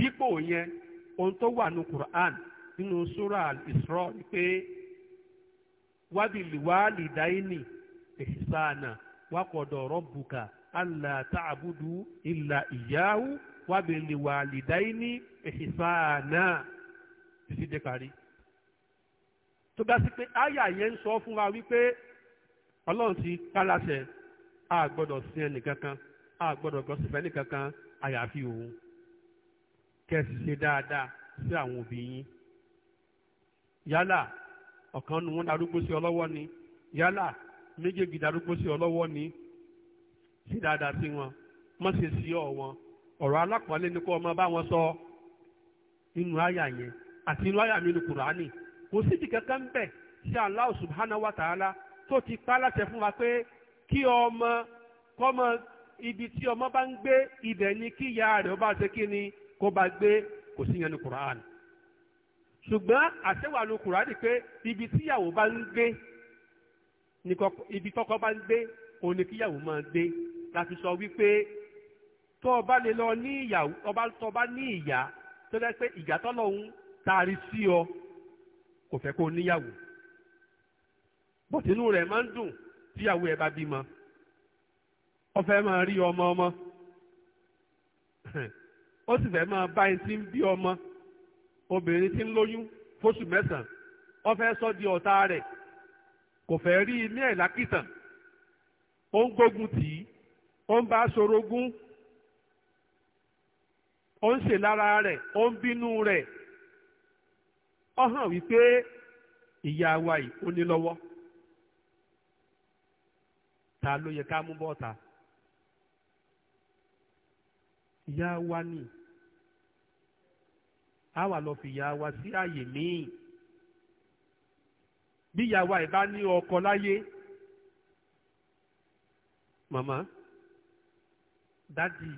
dípò yẹn ohun tó wà ní Quran nínú sura al-Isra ni pé wábìlì wàhálì dáínì ihsana waqada rabbuka alla ta'budu illa iyyahu wábìlì wàhálì dáínì ihsana títí dé parí tó bá sí pé àyà yẹn ń sọ fún wa wípé ọlọ́run ti kálásẹ̀ a gbọ́dọ̀ sin ẹnìkankan a gbọ́dọ̀ gọ́sìfẹ́ nìkankan àyàfi òun kẹ́sì ṣe dáadáa sí àwọn òbí yín yálà ọ̀kan nu wọn darúgbó sí ọ lọ́wọ́ ni yálà méjèèjì darúgbó sí ọ lọ́wọ́ ni ṣe dáadáa sí wọn má ṣe sí ọ wọn ọ̀rọ̀ alápọ̀nlé ni kó ọmọ bá wọn sọ inú àyà yẹn àti inú àyà mi ní kùránì kò síbi kankan ń bẹ̀ sí Allah subhanahu wa ta'ala tó ti pa láṣẹ fún wa pé kí ọmọ kọ́mọ ibi tí ọmọ bá ń gbé ibẹ̀ ni kí ìyá rẹ̀ ó ṣe kí ni kó bá gbé kò sí yẹn ní Quran ṣùgbọ́n àṣẹwà ní Quran ni pé ibi tíyàwó bá ń gbé ibi tọkọ bá ń gbé òun ni kíyàwó máa gbé láti sọ wípé tó o bá lè lọ ní ìyàwó ọba tó o bá ní ìyá tó dẹ́ pé ìyá tọ́lọ́hún taari sí ọ kò fẹ́ kó níyàwó bọ̀tínú rẹ̀ máa ń dùn tíyàwó ẹ̀ bá bímọ ọ fẹ́ máa rí ọmọ ọmọ ó sì fẹ́ máa bá ẹni tí ń bí ọmọ obìnrin tí ń lóyún fóṣù mẹ́sàn-án ó fẹ́ sọ di ọ̀tá rẹ̀ kò fẹ́ rí ilé ẹ̀ lákìtàn ó ń gbógun tì í ó ń bá sorogún ó ń ṣe lára rẹ̀ ó ń bínú rẹ̀ ó hàn wípé ìyá wa yìí ó ní lọ́wọ́ ta ló yẹ ká mú bọ́ta ìyá wa ni a wà lọ fìyà wa sí àyè míì bí ìyàwó àìbá ní ọkọ láyé màmá dádì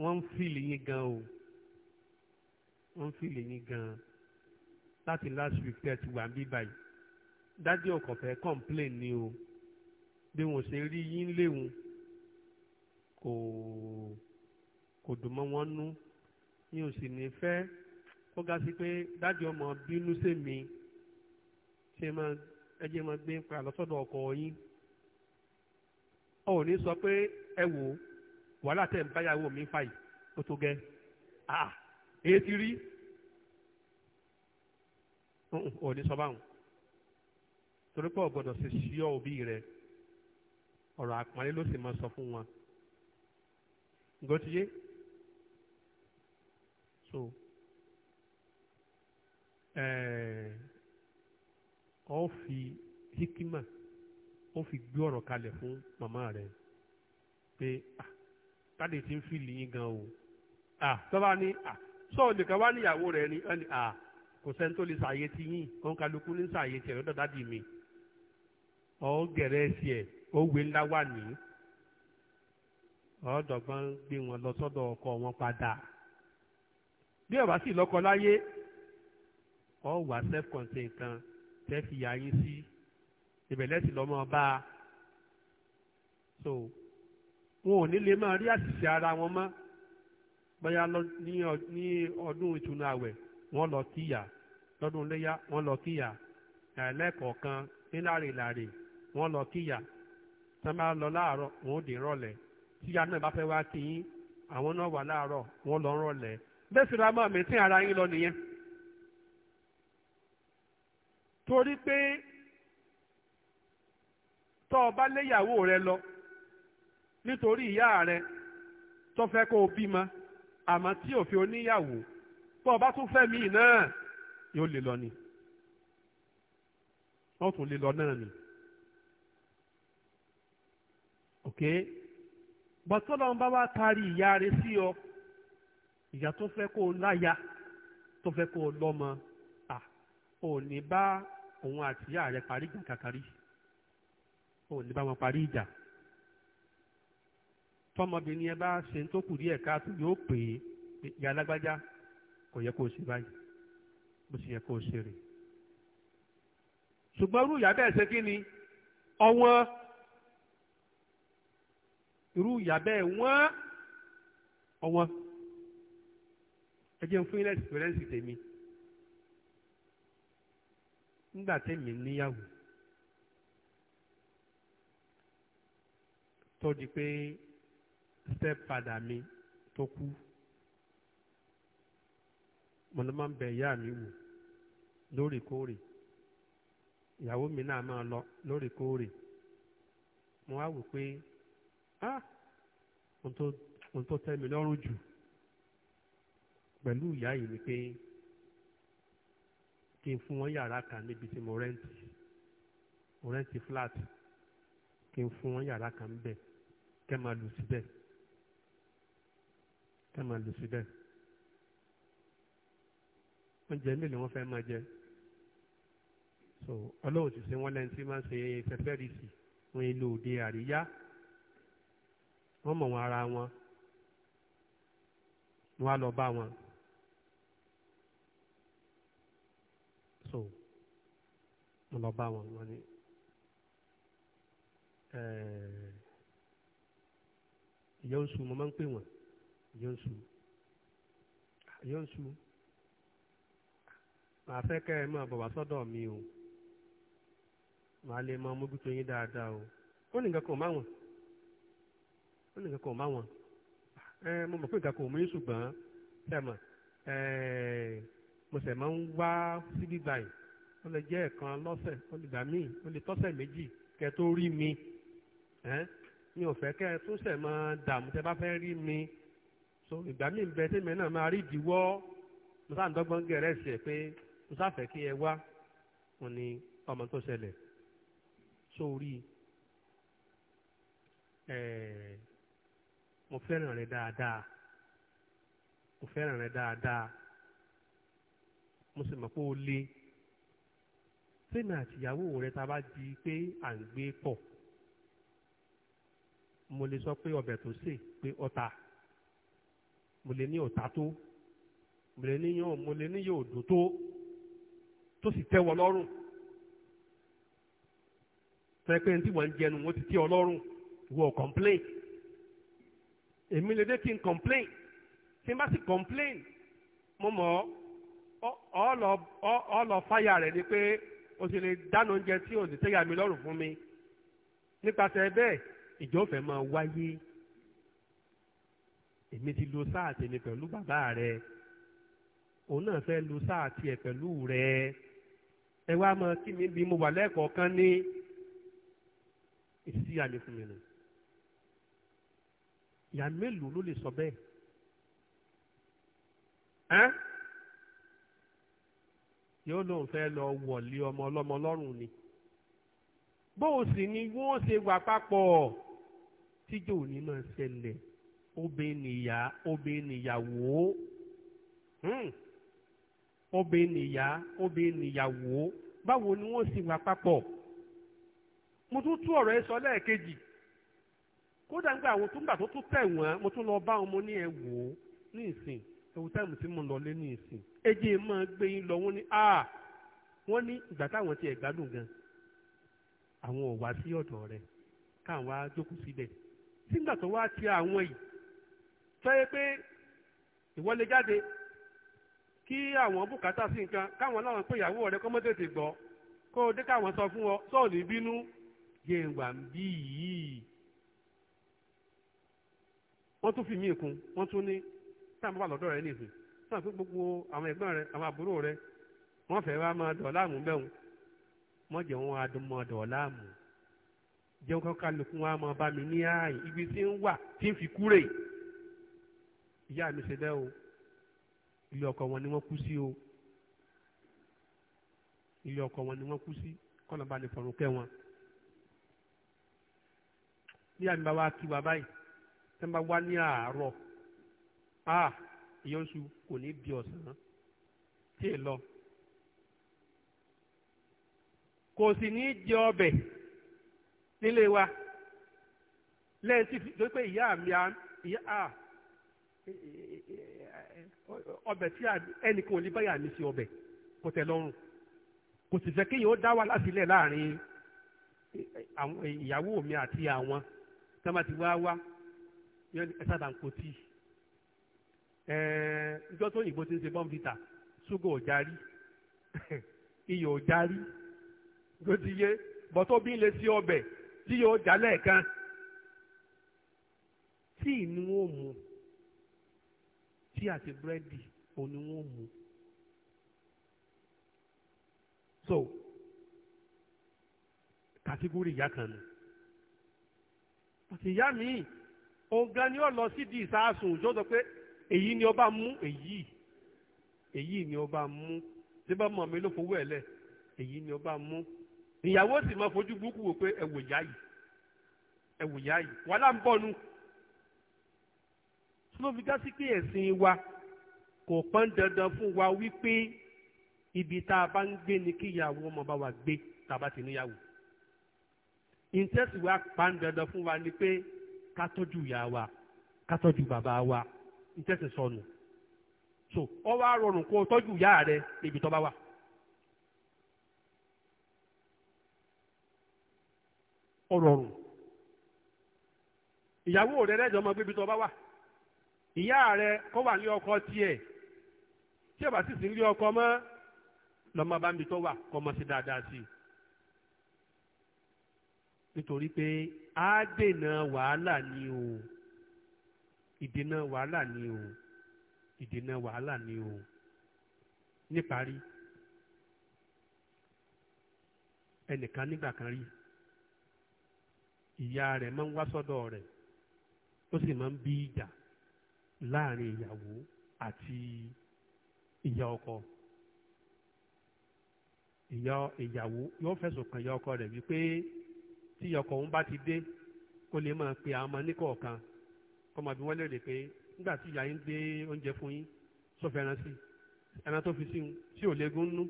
wọ́n ń fìlì yín gan o wọ́n ń fìlì yín gan láti last week tẹ́ ti wà ń bí báyìí dádì ọkọ fẹ́ complain ni o bí wọ́n ṣe rí yín léwu kò kò dùn mọ́ wọn nú yín ò sì ní fẹ́ kó ga sí pé dájú ọmọ bínú sèmi ṣe máa ẹjẹ máa gbé pa lọ́sọ̀dọ̀ ọkọ yín ọ ò ní sọ pé ẹ wò wàhálà tẹ̀ ń báyàwó mi fà yìí ó tó gẹ́ ah èyí ti rí ò ní sọ báwọn torí pé ọ̀gbọ́dọ̀ ṣe ṣíọ́ òbí rẹ ọ̀rọ̀ àpọ́nlé ló sì máa sọ fún wọn nǹkan so ọ fi hikima ó fi gbé ọ̀rọ̀ kalẹ̀ fún màmá rẹ̀ pé ah káde ti ń fìlì yín gan o ah tọ́ba ní ah sọ́ọ̀ nìkan wá níyàwó rẹ̀ ni ẹni ah kò sẹ́ni tó lè ṣàyè ti yín òun kálukú ní ṣàyè tiẹ̀ lọ́dọ̀ dádì mi ọ̀ gẹ̀rẹ́ sí ẹ̀ ó wé ńlá wà ní ọ̀ọ́dọ̀gbọ́n gbé wọn lọ sọ́dọ̀ ọkọ wọn padà bí ọ̀bá sì lọ́kọ láyé ọ wà self contained kan tẹ́ fi yà yín sí ìbẹ̀lẹ̀ sì lọ́mọ bá a so wọn ò ní lè máa rí àṣìṣe ara wọn mọ́ bóyá ní ọdún ìtùnú àwẹ̀ wọ́n lọ kíyà lọ́dún iléyà wọ́n lọ kíyà ẹ̀ẹ́lẹ́kọ̀ọ̀kan níláàrèlàrè wọ́n lọ kíyà tí wọ́n bá lọ láàárọ̀ wọ́n ò dé rọ̀lẹ́ tíyà náà bá fẹ́ wá kí yín àwọn náà wà láàárọ̀ wọ́n lọ rọ̀lẹ́ bẹ́ẹ̀ sì ra mọ́ mi tí ara yín lọ nìyẹn torí pé tọ́ ọ bá léyàwó rẹ lọ nítorí ìyá rẹ tó fẹ́ kó o bímọ àmọ́ tí òfin oníyàwó bọ́ ọ bá tún fẹ́ míì náà yóò lè lọ ni wọ́n tún lè lọ náà ni ok bọ́tọ́lọ́n bá wá kárí ìyá rẹ sí ọ ìyá tó fẹ́ kó o láya tó fẹ́ kó o lọ́mọ à ò ní bá òun àti ìyá rẹ̀ parí ìjà kàkàrí ò ní bá wọn parí ìjà tọmọbìnrin ẹ bá ṣe tó kù díẹ̀ káàtó yóò pè é ìyá alágbájá kò yẹ kó o ṣe báyìí bó ṣe yẹ kó o ṣe rè ṣùgbọ́n irú ìyá bẹ́ẹ̀ ṣe kí ni ọ̀wọ́n irú ìyá bẹ́ẹ̀ wọ́n ọ̀wọ́n ẹ jẹun fún yín lẹ́sìn tèmi. nígbà tèmi níyàwó tó di pé step padà mi tó kú mo ló máa ń bẹ ìyá mi wò lóòrèkóòrè ìyàwó mi náà máa lọ lóòrèkóòrè mo wá wò pé ah ohun tó tẹ́ mi lọ́rùn jù kí n fún wọn yàrá kan níbi tí mo rẹ́ǹtì flat kí n wọn yàrá kan bẹ̀ kẹ́ máa lù síbẹ̀ máa lù oúnjẹ wọn fẹ máa jẹ so ọlọ́run ti ṣe wọ́n lẹ́nu tí máa ń ṣe wọn èlò òde àríyá wọn mọ wọn ara wọn wọn á wọn. so mo lọ bá wọn wọn ni eh, ìyá oṣù mo ma n pè wọn ìyá oṣù ìyá oṣù màá fẹ́ kẹ́ ẹ máa mi o màá lè máa mójútó yín dáadáa o ó ní nǹkan kan má wọn ó ní nǹkan kan má wọn ẹ eh, mo mọ̀ pé nǹkan kan ò mo sẹ̀ máa ń wá síbí báyìí ó lè jẹ́ ẹ̀kan lọ́sẹ̀ ó lè gbà míì ó lè tọ́sẹ̀ méjì kẹ́ tó rí mi mi ò fẹ́ kẹ́ ẹ tún sẹ̀ máa dààmú tẹ́ bá fẹ́ rí mi so ìgbà míì bẹ tẹ́mi náà máa rí ìdíwọ́ mo sáà ń dọ́gbọ́n gẹ̀rẹ́ sí ẹ pé mo sáà fẹ́ kí ẹ wá wọn ni ọmọ tó ṣẹlẹ̀ sórí ẹ̀ẹ́ mo fẹ́ràn rẹ dáadáa mo fẹ́ràn rẹ dáadáa mo sì mọ̀ pé ó le sínú àtìyàwó rẹ ta bá di pé à ń gbé pọ̀ mo lè sọ pé ọbẹ̀ tó sè pé ọ̀tà mo lè ní ọ̀tà tó mo lè níyàn mo lè níyàn òdò tó tó sì tẹ́ lọ́rùn fẹ́ pé tí wọ́n ń jẹnu wọ́n ti tẹ́ ọ lọ́rùn wọ́n complain èmi lè dé kí n complain tí n bá sì complain mo mọ̀ ọ́ ọlọ fáyà rẹ̀ ni pé o sì lè dáná oúnjẹ tí o sì tẹ́yà mi lọ́rùn fún mi nípasẹ̀ bẹ́ẹ̀ ìjọ́fẹ́ máa wáyé èmi ti lo sáà tèmi pẹ̀lú bàbá rẹ̀ òun náà fẹ́ lo sáà tiẹ̀ pẹ̀lú rẹ̀ ẹ wá máa kí mi bí mo wà lẹ́ẹ̀kọ̀ọ́ kan ní ìsí àmì fún mi nù ìyá mélòó ló lè sọ bẹ́ẹ̀ ẹ́. yóò lóun fẹ́ lọ wọ̀lé ọmọ ọlọ́mọ lọ́rùn ni bóun sì ni wọ́n ṣe wà papọ̀ tíjọ́ òní máa ṣẹlẹ̀ obìnìyà obìnìyàwó hmm. obìnìyà obìnìyàwó báwo ni wọ́n ṣe wà papọ̀ mo tún tú ọ̀rọ̀ ẹ sọ lẹ́ẹ̀kejì kódà ń gbà àwọn tó ń gbà tó tún tẹ̀ wọ́n mo tún lọ bá ọmọ mo ní ẹ wò ó ní ìsìn ẹwù táìmù tí mo lọ lé ní ìsìn ẹjẹ máa gbé yín lọ ni a ah! wọn ní ìgbà táwọn tiẹ̀ gbádùn gan àwọn ò wá sí ọdọ rẹ káwọn wá jókòó sígbà tó wá ti àwọn yìí fẹ́ pé ìwọlé jáde kí àwọn bùkátà sí nǹkan káwọn láwọn pé ìyàwó rẹ sọ fún ọ bínú táwọn bá lọ́dọ̀ rẹ nìsín táwọn pé gbogbo àwọn ẹ̀gbọ́n rẹ àwọn àbúrò rẹ wọ́n fẹ́ wá máa dọ̀ láàmú bẹ́hùn wọ́n jẹ́ wọn adúmọ̀ dọ̀ láàmú jẹ́ kọ́ kálukú wọn á máa bá mi ní ààyè ibi tí ń wà tí ń fi kúrè ìyá mi ṣe bẹ́ẹ̀ ilé ọkọ wọn ni wọ́n kú sí o ilé ọkọ wọn ni wọ́n kú sí kọ́nà bá lè fọ̀rùn kẹ́ wọn bí àmì bá wá kí wa báyìí tẹ́ ń bá wá ní àárọ̀ a ìyẹn oṣù kò ní bí ọ̀sán tí ì lọ kò sì ní jẹ ọbẹ̀ nílé wa lẹ́yìn tí tó pé ìyá mi ìyá a ọbẹ̀ tí ẹnìkan ò ní báyà mi sí ọbẹ̀ kò tẹ́ lọ́rùn kò sì fẹ́ kéèyàn ó dá wà lásìlẹ̀ láàrin ìyàwó mi àti àwọn tí wọ́n ti wá wá ẹ sábà ń kó tíì ìjọ tó òyìnbó ti ń ṣe bọ́ǹbìtà ṣúgà ò járí iyọ̀ ò járí ló ti yé bọ́tọ́ bí ń lè sí ọbẹ̀ tí yóò já lẹ́ẹ̀kan tí ni wọ́n mu tí àti búrẹ́dì òun ni wọ́n mu. so kàtígórì ìyá kan nù àti ìyá mi òun gan ni ó lọ sídìí ìsáàsùn tó sọ pé èyí ni ọba mú èyí èyí ni ọba mú tí bá mọ̀ mi ló fowó ẹ̀ lẹ̀ èyí ni ọba mú ìyàwó sì máa fojú burúkú wò pé ẹ wò yá yìí ẹ wò yá yìí wàhálà ń bọ̀ nu tí ló sí pé ẹ̀sìn wa kò pọ́n dandan fún wa wípé ibi tá a bá ń gbé ni kí ìyàwó ọmọ bá wa gbé tá a bá ti níyàwó ìǹtẹ́sì wa pọ́n dandan fún wa ni pé ká tọ́jú ìyá wa ká tọ́jú bàbá wa ìtẹ̀sẹ̀ sọnù so ọ wá rọrùn kó o tọ́jú ìyá rẹ ibi tó bá wà. ọ rọrùn ìyàwó rẹ lẹ́jọ́ ọmọ gbébi tó bá wà ìyá rẹ kó wà ní ọkọ tiẹ̀ tí ẹ bá sì sí ní ọkọ mọ́ lọ́mọ bá ń bi tó wà kọ́ mọ́ sí dáadáa sí i nítorí pé á dènà wàhálà ni o ìdènà wàhálà ni o ìdènà wàhálà ni o níparí ẹnìkan nígbà kan rí ìyá rẹ̀ máa ń wá sọ́dọ̀ rẹ̀ ó sì máa ń bí ìjà láàrin ìyàwó àti ìyá ọkọ ìyá ìyàwó yóò fẹ̀sùn kàn ìyá ọkọ rẹ̀ wípé tí ìyá ọkọ òun bá ti dé ó lè máa pe àwọn ọmọ níkọ̀ọ̀kan kọ́mọ bí wọ́n léèrè pé nígbà tí ìyá yín gbé oúnjẹ fún yín tó fẹ́ràn sí ẹran tó fi sí un tí ò léegun nú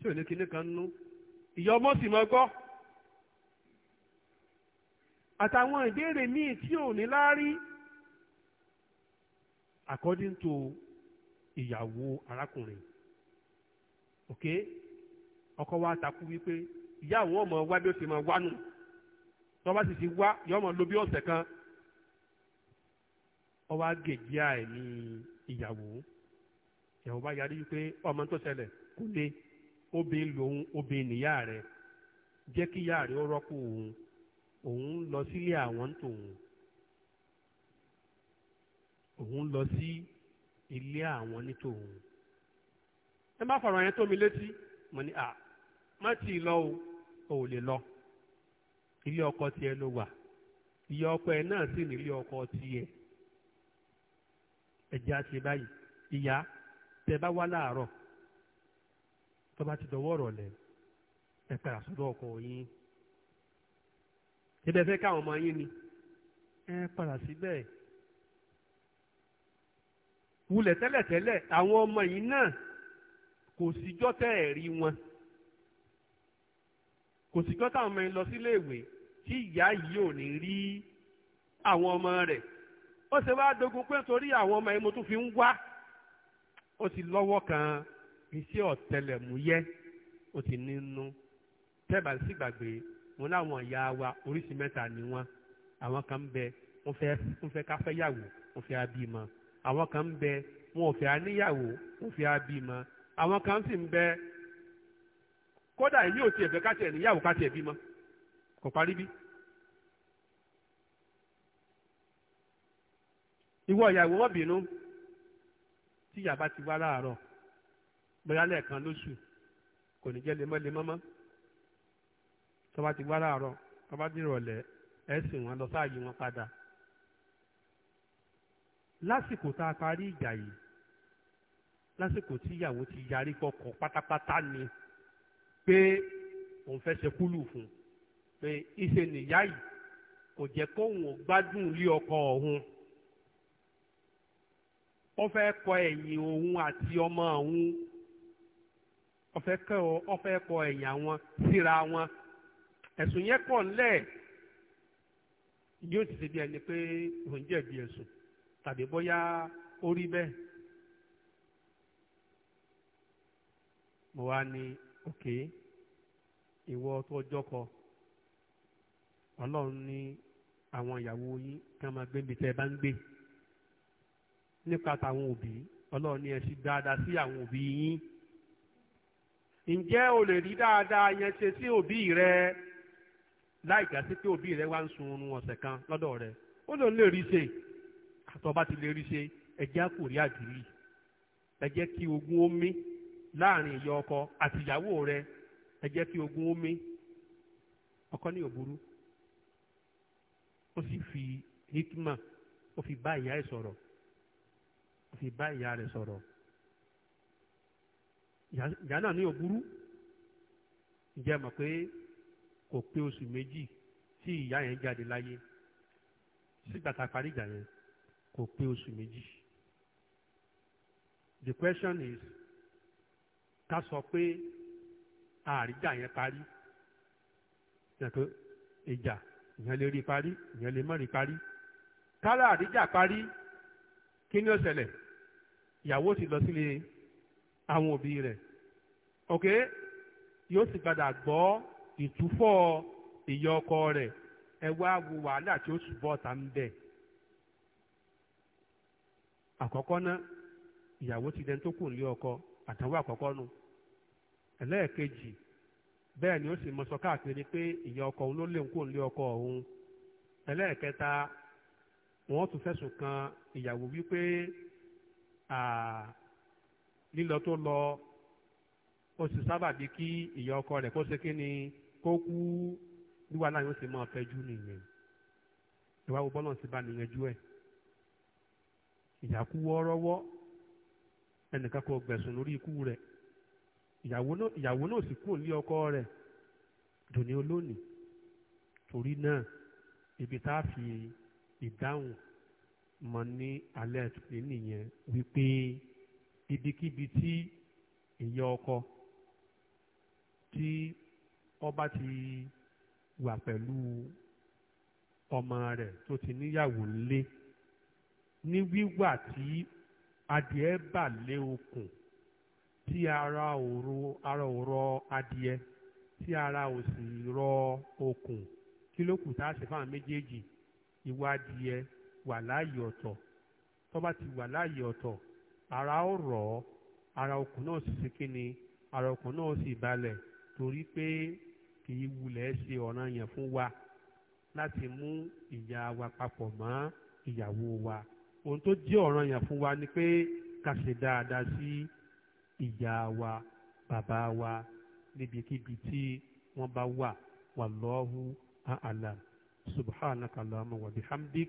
tí ò ní kinní kan nú ìyá ọmọ sì mọ gbọ́ àtàwọn ìbéèrè míì tí ò ní láárí according to ìyàwó arákùnrin ok ọkọ wa takú wípé ìyá àwọn ọmọ wa bí ó ti máa wá nù tọ́ sì ti wá ìyá ọmọ lo bí ọ̀sẹ̀ kan ọ wá gègé àìní ìyàwó ìyàwó bá yarí wípé ọmọ tó ṣẹlẹ̀ kò lé obìnrin lòun obìnrin nìyá rẹ̀ jẹ́ kí ìyá rẹ̀ ó rọ́pò òun òun lọ sílé àwọn tòun òun lọ sí ilé àwọn nítòun ẹ má fọ̀rọ̀ yẹn tó mi létí mo ní à má tì í lọ o ò lè lọ ilé ọkọ tiẹ̀ ló wà ìyá ọkọ ẹ náà sì nílé ọkọ tiẹ̀ ẹ̀jẹ̀ á ṣe báyìí ìyá tẹ bá wá láàárọ̀ tó bá ti dọwọ́ ọ̀rọ̀ lẹ̀ ẹ padà sọ́dọ̀ ọkọ yín ṣé bẹ́ẹ̀ fẹ́ káwọn ọmọ yín ni ẹ padà síbẹ̀ wulẹ̀ tẹ́lẹ̀tẹ́lẹ̀ àwọn ọmọ yìí náà kò síjọ́ tẹ́ ẹ̀ rí wọn kò síjọ́ táwọn ọmọ yìí lọ sílé ìwé tí ìyá yìí ò ní rí àwọn ọmọ rẹ̀ ó ṣe wá dogun pé torí àwọn ọmọ yẹn mo tún fi ń wá ó ti lọ́wọ́ kan iṣẹ́ ọ̀tẹlẹ̀múyẹ́ ó ti nínú tẹ́bà sí wọn láwọn ìyá wa oríṣi mẹ́ta ni wọ́n àwọn kan ń bẹ wọ́n fẹ́ wọ́n fẹ́ ká fẹ́yàwó wọ́n fẹ́ abímọ àwọn kan ń bẹ wọn ò fẹ́ aníyàwó wọ́n fẹ́ abímọ àwọn kan sì ń bẹ kódà èmi ò tiẹ̀ fẹ́ ká níyàwó ká bímọ kò parí bí. ìwọ ìyàwó wọ́n bínú tí ìyá bá ti wá láàárọ̀ bóyá lẹ́ẹ̀kan lóṣù kò ní jẹ́ lemọ́lemọ́ mọ́ tó bá ti wá láàárọ̀ tó bá dìrọ̀lẹ́ ẹ sì wọ́n lọ sáàyè wọn padà lásìkò tá a parí ìjà yìí lásìkò tí ìyàwó ti yarí kọkọ pátápátá ni pé òun fẹ́ ṣe kúlù fún pé ìṣe nìyá yìí kò jẹ́ kóun ò gbádùn ilé ọkọ ọ̀hún. ó fẹ́ kọ ẹ̀yìn òun àti ọmọ òun ó kọ ó kọ ẹ̀yìn àwọn síra wọn ẹ̀sùn yẹn pọ̀ ńlẹ̀ yóò ti ṣe bí ẹ̀sùn tàbí bóyá ó rí bẹ́ẹ̀. wá ní òkè ìwọ tó jọkọ ọlọ́run nípa tàwọn òbí ọlọ́run ní ẹ ṣe dáadáa sí àwọn òbí yín ǹjẹ́ o lè rí dáadáa yẹn ṣe sí òbí rẹ láì gbà sí pé òbí rẹ wá ń sun oorun ọ̀sẹ̀ kan lọ́dọ̀ rẹ ó lòun lè rí ṣe àtọ́ba ti lè rí ṣe ẹ̀jẹ̀ kò rí àdìrí ẹ jẹ́ kí ogun omi láàrin ìyá ọkọ àti ìyàwó rẹ ẹ kí ogun omi ọkọ ní òburú ó sì fi hikima ó fi bá ìyá ẹ̀ sọ̀rọ̀ fi bá ìyá rẹ̀ sọ̀rọ̀ ìyá náà ní òbúrú ǹjẹ́ mọ̀ pé kò pé oṣù méjì tí ìyá yẹn jáde láyé sígbà tá a parí ìjà yẹn kò pé oṣù méjì the question is ká sọ pé àríjà yẹn parí yàtọ̀ ìjà ìyẹn lè rí parí ìyẹn lè má rí parí kálá àríjà parí kí ni ó ṣẹlẹ̀ ìyàwó ti lọ sílé àwọn òbí rẹ̀ ok yóò sì padà gbọ́ ìtúfọ̀ ìyá ọkọ rẹ̀ ẹ wá wo wàhálà tí ó ṣùbọ̀ ta ń bẹ̀ àkọ́kọ́ náà ìyàwó ti dẹni tó kù nílé ọkọ àtàwọn àkọ́kọ́ nù ẹlẹ́ẹ̀kejì bẹ́ẹ̀ ni ó sì mọ̀sọ́ káàkiri pé ìyá ọkọ òun ló lé kù nílé ọkọ òun ẹlẹ́ẹ̀kẹta wọ́n tún fẹ̀sùn kan ìyàwó wípé lílọ tó lọ ó sì sábà bí kí ìyá ọkọ rẹ̀ kó ṣe kí ni kó kú bí wàhálà yóò ṣe máa fẹjú nìyẹn ìwà wo bọ́lọ̀ sí bá nìyẹn jú ẹ̀ ìyàkú wọ́ọ́rọ́wọ́ ẹnìkan kò gbẹ̀sùn lórí ikú rẹ̀ ìyàwó náà sì kúrò ní ọkọ rẹ̀ dòní olónìí torí náà ibi tá a fi ìdáhùn mo ní alert pé nìyẹn wípé ibikíbi tí ìyá ọkọ tí ọba ti wà pẹ̀lú ọmọ rẹ̀ tó ti níyàwó ńlé ní wíwà tí adìẹ bà lé okùn tí ara òro ara òrọ adìẹ tí ara ò sì rọ okùn kí ló kù tá a ṣe fáwọn méjèèjì ìwà adìẹ wà láàyè ọ̀tọ̀ tó bá ti wà láàyè ọ̀tọ̀ ara ó rọ̀ ọ́ ara okùn náà sì ṣe kíni ara okùn náà sì balẹ̀ torí pé kì í wulẹ̀ ṣe ọ̀ràn yẹn fún wa láti mú ìyá wa papọ̀ mọ́ ìyàwó wa ohun tó jẹ́ ọ̀ràn yẹn fún wa ni pé ká ṣe dáadáa sí ìyá wa bàbá wa níbikíbi tí wọ́n bá wà wallahu a'lam subhanaka allahumma wa bihamdik.